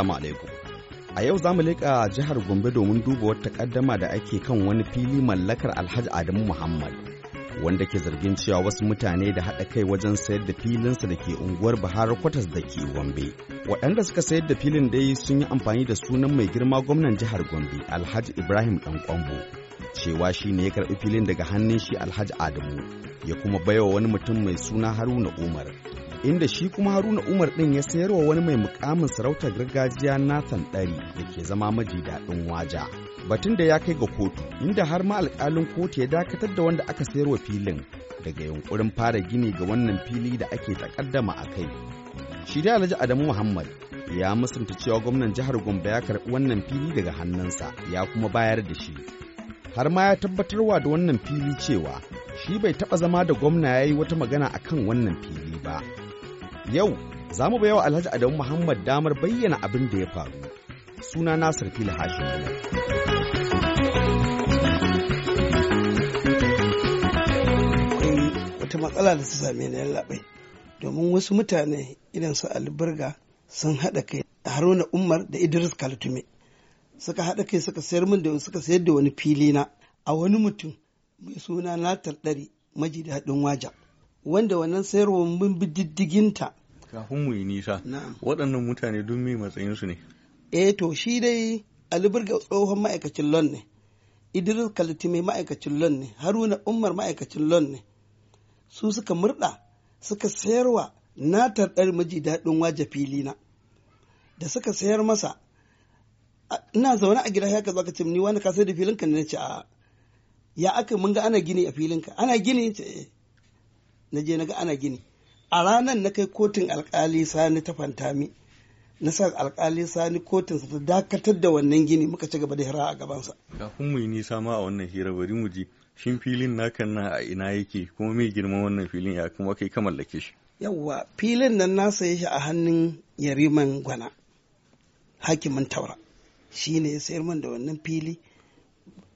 Assalamu alaikum. A yau za mu leƙa jihar Gombe domin duba wata ƙaddama da ake kan wani fili mallakar Alhaji Adamu Muhammad, wanda ke zargin cewa wasu mutane da haɗa kai wajen sayar da filinsa da ke unguwar Bahar Kwatas da ke Gombe. Waɗanda suka sayar da filin dai sun yi amfani da sunan mai girma gwamnan jihar Gombe, Alhaji Ibrahim Ɗan Kwambo, cewa shi ne ya karɓi filin daga hannun shi Alhaji Adamu, ya kuma baiwa wani mutum mai suna Haruna Umar. inda shi kuma haruna umar ɗin ya sayar wa wani mai mukamin sarautar gargajiya nathan ɗari da ke zama maji daɗin waja batun da ya kai ga kotu inda har ma alƙalin kotu ya dakatar da wanda aka sayar wa filin daga yunkurin fara gini ga wannan fili da ake takaddama a kai shi da alhaji adamu muhammad ya musanta cewa gwamnan jihar gombe ya karɓi wannan fili daga hannunsa ya kuma bayar da shi har ma ya tabbatarwa da wannan fili cewa shi bai taɓa zama da gwamna ya yi wata magana a kan wannan fili ba Yau za mu wa Alhaji Adamu Muhammad damar bayyana abin da ya faru. Suna Nasir Fili Hashim. Wata matsala da ta same ni labai domin wasu mutane idan su alburga sun haɗa kai Haruna Umar da Idris Kaltume suka haɗa kai suka sayar min da suka sayar da wani fili na a wani mutum mai suna Natal Ɗari maji da haɗin waja wanda wannan sayarwa mun bi diddiginta kafin mu yi nisa waɗannan mutane don mai matsayin su ne eh to shi dai aliburga tsohon ma'aikacin lon ne idris mai ma'aikacin lon ne haruna umar ma'aikacin lon ne su suka murda suka sayarwa na tarɗar miji daɗin waje filina da suka sayar masa ina zaune a gida ya ka zaka ce ni wani ka sai da filinka ne ce a ya aka mun ga ana gini a filinka ana gini ce eh. na je na ga ana gini a ranar na kai kotun alkali sani ta fantami na sa alkali sani kotun ta dakatar da wannan gini muka ci gaba da hira a gabansa kafin mu yi nisa ma a wannan hira bari mu ji shin filin nakan na a ina yake kuma mai girma wannan filin ya kuma kai ka mallake shi yawwa filin nan na saye shi a hannun yariman gwana hakimin taura shi ne ya sayar da wannan fili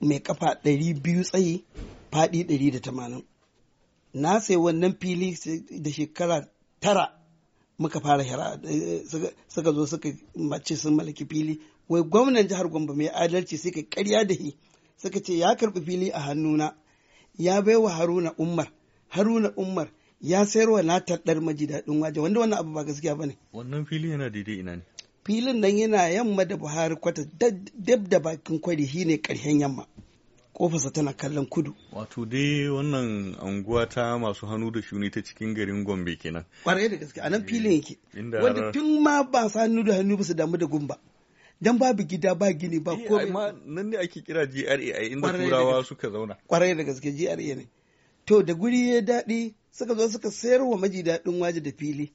mai kafa 200 tsayi faɗi 180 na sai wannan fili da shekara tara muka fara shara suka zo suka mace sun mallaki fili wai gwamnan jihar gombe mai adalci suka karya da shi suka ce ya karbi fili a hannuna ya bai wa haruna umar haruna umar ya sayarwa na dar maji daɗin waje wanda wannan abu ba gaskiya ba ne wannan fili yana daidai ina ne filin nan yana yamma da buhari kwata dab da bakin kwari shine karshen yamma kofarsa tana kallon kudu. Wato dai wannan anguwa ta masu hannu da shuni ta cikin garin Gombe kenan. Kwarai da gaske a nan eh, filin yake. Wanda tun ma ba su hannu da hannu ba su damu da gumba. Dan babu gida ba gini ba eh, ko ma nan ne ake kira GRA a inda turawa suka zauna. Kwarai da gaske GRA ne. To da guri ya daɗi suka zo suka sayar wa maji daɗin waje da fili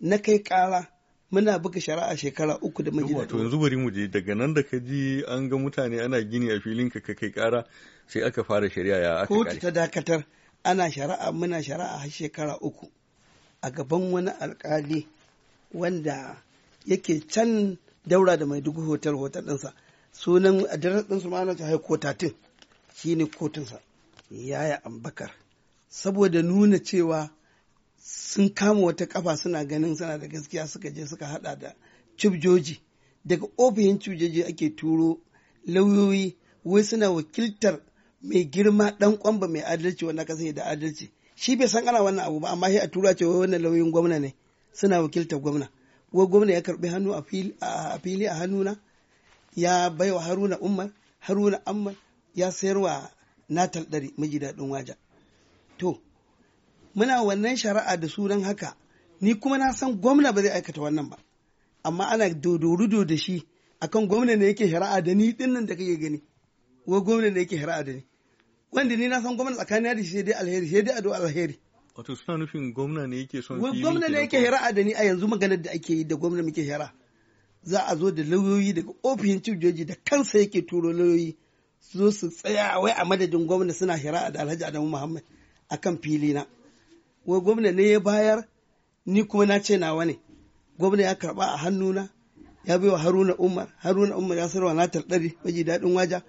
na kai ƙara muna buga shari'a shekara uku da majina Wato yanzu bari mu je daga nan da ka ji an ga mutane ana gini a filin ka ka kai kara sai aka fara shari'a ya aka kotu ta dakatar ana shari'a muna shari'a har shekara uku a gaban wani alkali wanda yake can daura da mai dugu hotel hotel ɗinsa sunan adres ɗinsu ma ana cewa kotatin shine kotunsa yaya ambakar saboda nuna cewa sun kama wata kafa suna ganin suna da gaskiya suka je suka hada da cibjoji daga ofishin cibjoji ake turo lauyoyi wai suna wakiltar mai girma dan kwamba mai adalci wannan kasa da adalci shi bai san ana wannan abu ba amma sai a tura ce wai wannan lauyoyin gwamna ne suna wakiltar gwamna wai gwamna ya karbi hannu a fili a hannuna ya baiwa haruna umar haruna amma ya sayarwa natal ɗari miji daɗin waja to muna wannan shari'a da sunan haka ni kuma na san gwamna ba zai aikata wannan ba amma ana dodorudo da shi akan gwamna ne yake shari'a da ni din nan da kake gani wai gwamna ne yake shari'a da ni wanda ni na san gwamna tsakanin da shi sai dai alheri sai dai addu'a alheri wato suna nufin gwamna ne yake son wai gwamna ne yake shari'a da ni a yanzu maganar da ake yi da gwamna muke shari'a za a zo da lauyoyi daga ofishin chief joji da kansa yake turo lauyoyi su zo su tsaya wai a madadin gwamna suna shari'a da Alhaji Adamu Muhammad akan fili na wai gwamna ne ya bayar ni kuma na ce nawa ne gwamna ya karba a hannuna ya baiwa haruna umar haruna umar ya sarwa na tardari maji daɗin waja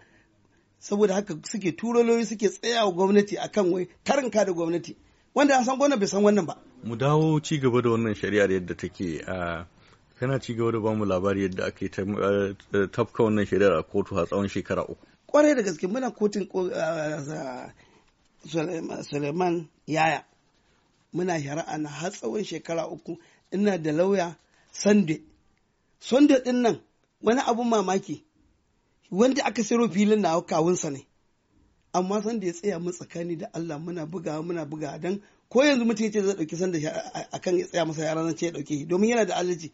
saboda haka suke turo suke tsaya wa gwamnati akan wai ka da gwamnati wanda ya san gwamna bai san wannan ba mu dawo ci gaba da wannan shari'ar yadda take a kana ci gaba da bamu labari yadda aka yi tafka wannan shari'ar a kotu a tsawon shekara uku kwarai da gaske muna kotun suleiman yaya muna shari'a na har tsawon shekara uku ina da lauya sande sande din nan wani abun mamaki wanda aka siro filin na kawunsa ne amma sanda ya tsaya mu tsakani da Allah muna bugawa muna bugawa dan ko yanzu mutum yace zai dauki sanda akan ya tsaya masa yara ce ya dauke domin yana da alaji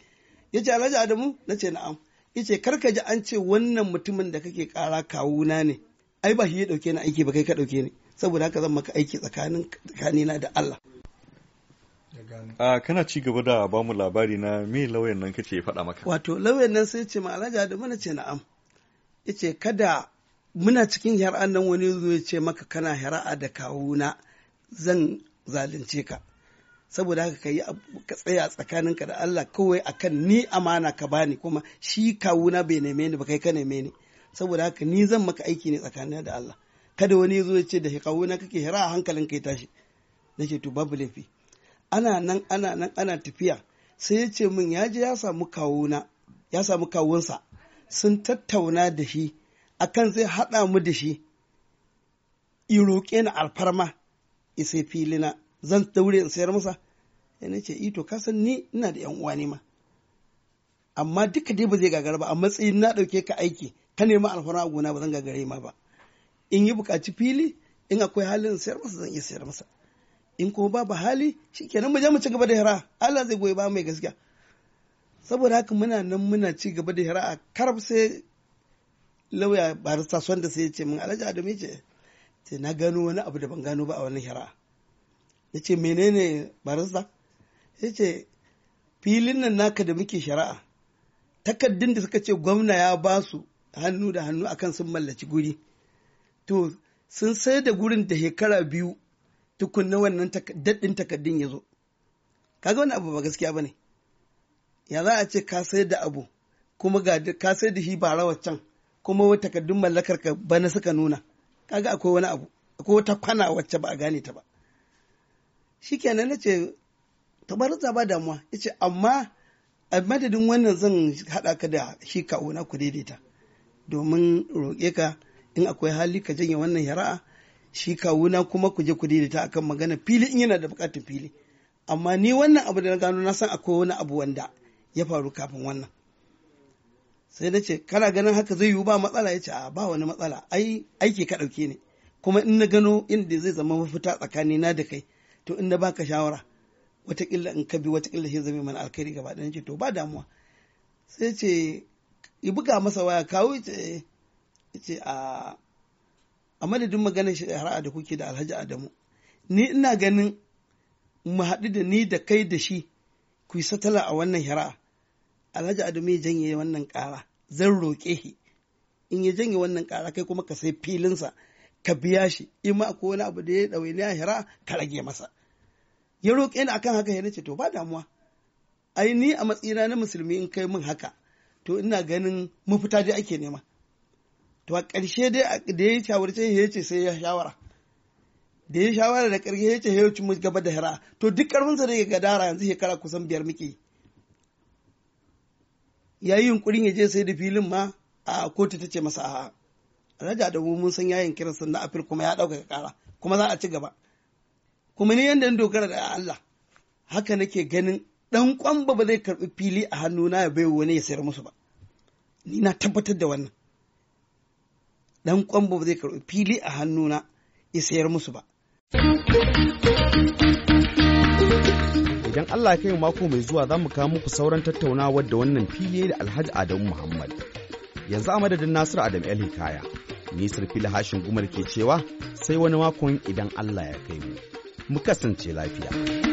yace alaji Adamu nace na'am yace ka ji an ce wannan mutumin da kake kara kawuna ne ai ba shi ya dauke ni aiki ba kai ka dauke ni saboda haka zan maka aiki tsakanin tsakanina da Allah a ah, kana ci gaba da ba mu labari na me lauyan nan kace ya faɗa maka wato lauyan nan sai ce ma alhaji da na ce na'am yace kada muna cikin shari'an nan wani zo ya ce maka kana shari'a da kawuna zan zalunce ka saboda haka ka yi ka tsaya tsakaninka da Allah kawai akan ni amana ka bani kuma shi kawuna bai neme ni ba kai ka neme ni saboda haka ni zan maka aiki ne tsakanin da Allah kada wani zo ya ce da kawuna kake hira a hankalin kai tashi nake to babu laifi ana nan ana nan ana tafiya sai ya ce min ya je ya samu kawuna ya samu kawunsa sun tattauna da shi akan zai haɗa mu da shi i roƙe ni alfarma isai filina zan daure in sayar masa ya ce ito kasan ni ina da yan uwa ne ma amma duka dai ba zai gagara ba a matsayin na ɗauke ka aiki ka nema alfarma a gona ba zan gagare ma ba in yi buƙaci fili in akwai halin sayar masa zan iya sayar masa in kuma babu hali shikenan mu je mu ci gaba da hira Allah zai goyi ba mai gaskiya saboda haka muna nan muna ci gaba da hira a karab sai lauya barista da sai ya ce min alhaji adamu ce ce na gano wani abu da ban gano ba a wani hira ya ce menene barista ya ce filin nan naka da muke shari'a takaddun da suka ce gwamna ya ba su hannu da hannu akan sun mallaci guri to sun sai da gurin da shekara biyu tukunna wannan daɗin takaddun ya zo kaga wani abu ba gaskiya ba ne ya za a ce ka sayar da abu kuma ga ka sayar da shi bara can? kuma takaddun mallakar ka bana suka nuna kaga akwai wani abu akwai wata kwana wacce ba a gane ta ba Shi shikenan nace bar ba damuwa yace amma a madadin wannan zan haɗa ka da shi kawo na ku daidaita domin roƙe ka in akwai hali ka janye wannan yara'a shi kawuna kuma ku je ku daidaita akan magana fili in yana da bukatar fili amma ni wannan abu da na gano na san akwai wani abu wanda ya faru kafin wannan sai na ce kana ganin haka zai yiwu ba matsala ya ce a ba wani matsala ai aiki ka ɗauke ne kuma in na gano inda zai zama mafita tsakani na da kai to in na baka shawara watakila in ka bi watakila shi zame mana alkhairi gaba ɗaya ce to ba damuwa sai ce ya buga masa waya kawo ce a a madadin maganar shari'a da kuke da alhaji adamu ni ina ganin mu haɗu da ni da kai da shi ku yi satala a wannan shari'a alhaji adamu ya janye wannan ƙara zan roƙe shi in ya janye wannan ƙara kai kuma ka sai filinsa ka biya shi in ma ko wani abu da ya ɗaure ni a shari'a ka rage masa ya roƙe ni akan haka ya nace to ba damuwa ai ni a matsayina na musulmi in kai min haka to ina ganin mafita dai ake nema to a ƙarshe dai da ya shawarce ya ce sai ya shawara da ya shawara da ƙarshe ya ce ya ci gaba da hira to duk ƙarfinsa da ga gadara yanzu shekara kusan biyar muke ya yi yunkurin ya je sai da filin ma a kotu ta ce masa a raja da mun san yayin kiran sun na afir kuma ya ɗaukaka ƙara kuma za a ci gaba kuma ni yadda dogara da Allah haka nake ganin ɗan kwamba ba zai karɓi fili a hannuna ya bai wani ya sayar musu ba ni na tabbatar da wannan dan kwambo ba zai karɓi fili a hannuna ya sayar musu ba. Idan Allah ya kai mako mai zuwa za mu kawo muku sauran tattaunawa da wannan fili da Alhaji Adamu Muhammad. Yanzu a madadin Nasiru Adam El Hikaya, Nisar fili hashin gumar ke cewa sai wani makon idan Allah ya kai mu. Mu kasance lafiya.